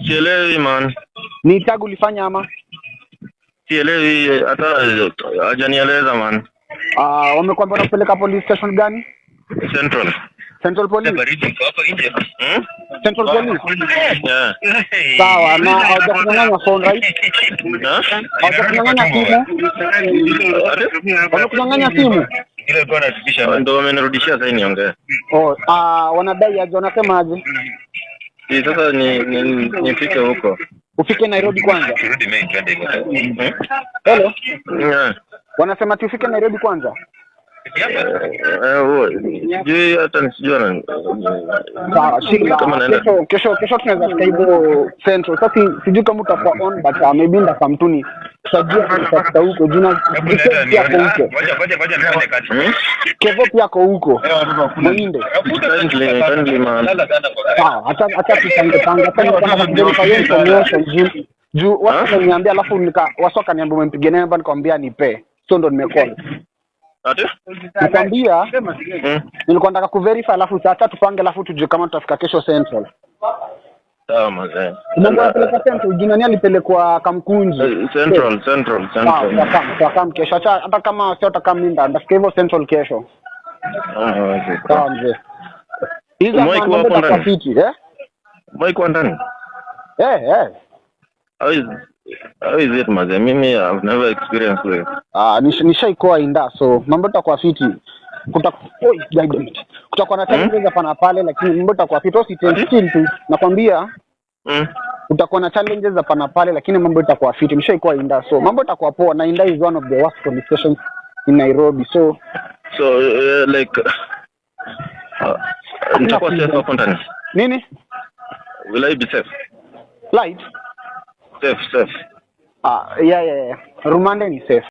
Sielewi man. Ni tag ulifanya ama? Sielewi hata hajanieleza man. Ah, uh, wamekwambia unapeleka police station gani? Central. Central Police. Hapa nje. Hmm? Central Police. Yeah. Sawa, na hawajakunyang'anya phone right? Na? Hawajakunyang'anya simu. Wana kunyang'anya simu? Ile kwa anarudisha. Ndio wamenirudishia sasa, niongee. Oh, ah, wanadai aje, wanasema aje? Sasa ni, ni, ni, nifike huko, ufike Nairobi kwanza. Hello, wanasema tufike Nairobi kwanza. Eh, eh, sijui hata nisijua kama naenda kesho. Kesho tunaweza fika hivyo Central. Sasa sijui kama utakuwa on, but uh, maybe ndafika mtuni tutajua tunatafuta huko jina. Pia ko huko ah, hmm? Kevo, pia ko huko eh, Mwinde, ah, hata tutangepanga juu watu wameniambia, alafu wasoka niambia umempiga nani, nikamwambia nipe, so ndo nimecall Nikwambia hmm. Nilikuwa nataka kuverify alafu saa tupange, alafu tujue kama tutafika kesho Central. Central, alipelekwa Kamkunji? Eh, Central, Central, Central. kesho. Acha hata kama sio Minda, ndafika hivyo Central kesho. Ah, mzee. ndani. Eh? How is it maze? Mimi uh, I've never experienced this. Ah, nishaikuwa inda so mambo itakuwa fiti. Kutakuwa kutakuwa na time hmm? pana pale lakini mambo itakuwa fiti. Usitense hmm? tu. nakwambia. Mm. Utakuwa na challenges za pana pale lakini mambo itakuwa fiti. Nishaikuwa inda so mambo itakuwa poa na inda is one of the worst conversations in Nairobi. So so uh, like uh, nitakuwa safe hapo ndani. Nini? Will I be safe? Light. safe, safe. Ah, yeah, yeah, yeah. Rwanda is safe.